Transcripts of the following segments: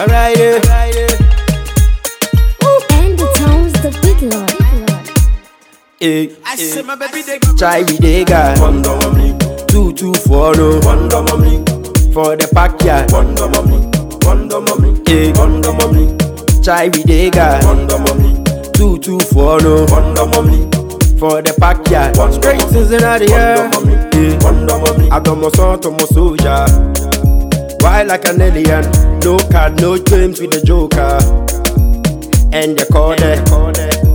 Alright, yeah. And the tones, the big lord. I hey. say my baby they try with they guy. Wonder mommy, two two four no. Wonder mommy, for the backyard. Wonder mommy, wonder mommy, hey. wonder mommy. Try with they guy. Wonder mommy, two two four no. Wonder mommy, for the backyard. Straight since in the air. Wonder mommy, I don't want to my soldier. Why like an alien? No card, no James with the joker. And they corner.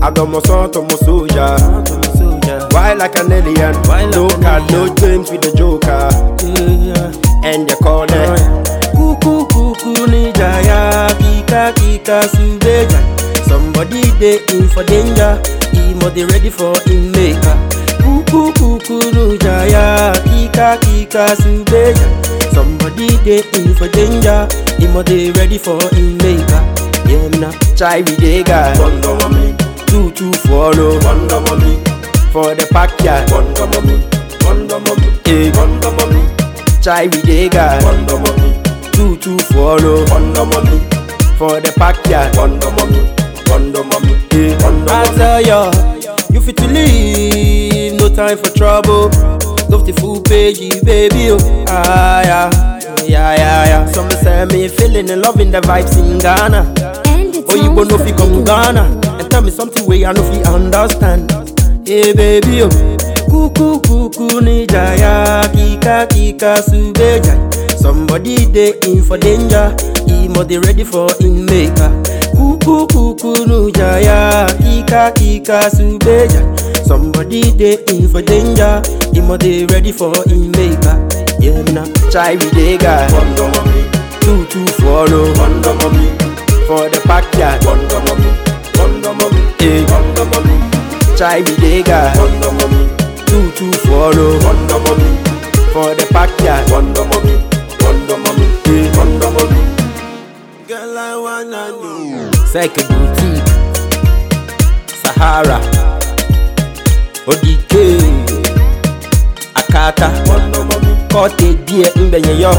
I don't my son to my soldier. Why like an alien? Why no card, no James with the joker. And they corner. it. Oh, kuku kuku ni jaya, kika kika subeja. Somebody they in for danger. Emo they ready for in maker. Kuku kuku nu jaya, kika kika subeja. Somebody they in for danger. Him they ready for him maker. Yeah, me nah try with the guy. Wonder mommy, two two follow. Oh. Wonder mommy for the pack backyard. Wonder mommy, Wonder mommy, yeah. Wonder mommy try with the guy. Wonder mommy, two two follow. Oh. Wonder mommy for the backyard. Wonder Woman, Wonder Woman, yeah. Wonder Woman. I tell ya, you fit to leave, no time for trouble. Love the full page, baby. Oh, ah, yeah. Yeah, yeah, yeah. Some say me feeling and loving the vibes in Ghana. Oh, you both know if you come Ghana. And tell me something way I know if you understand. Hey, baby. Oh. Kuku kuku ni jaya, kika kika subeja. Somebody they in for danger, he must be ready for in maker. Kuku kuku nu jaya, kika kika subeja. Somebody they in for danger, him or they ready for in maker. Yeah, me nah try with the guy. Wonder mommy, two two follow. Wonder mommy, for the backyard. Wonder mommy, wonder mommy, hey. Wonder mommy, try with the guy. Wonder mommy, two two follow. Wonder mommy, for the backyard. Wonder mommy, wonder mommy, hey. Wonder mommy, girl I wanna know. Second boutique, Sahara. odike akata kɔte die mbɛnyɛyɔ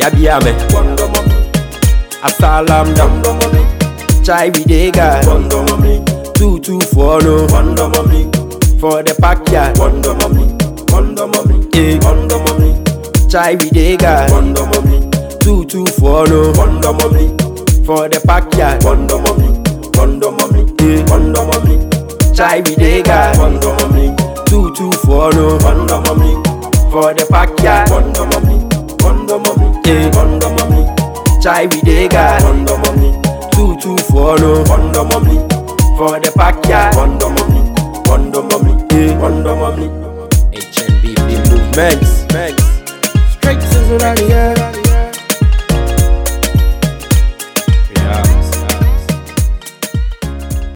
yabiame asalamda chai widega tutu fɔɔno for the backyard eh. chai widega tutu fɔɔno for the backyard try we dey gas. One dollar bling. Two two four no. One dollar bling. For the backyard. One dollar bling. One dollar bling. Yeah. One dollar bling. Try we dey gas. One dollar bling. Two two four no. One dollar bling. For the backyard. One dollar bling. One dollar bling. Yeah. One dollar bling. HNB movements. Straight scissors out the air.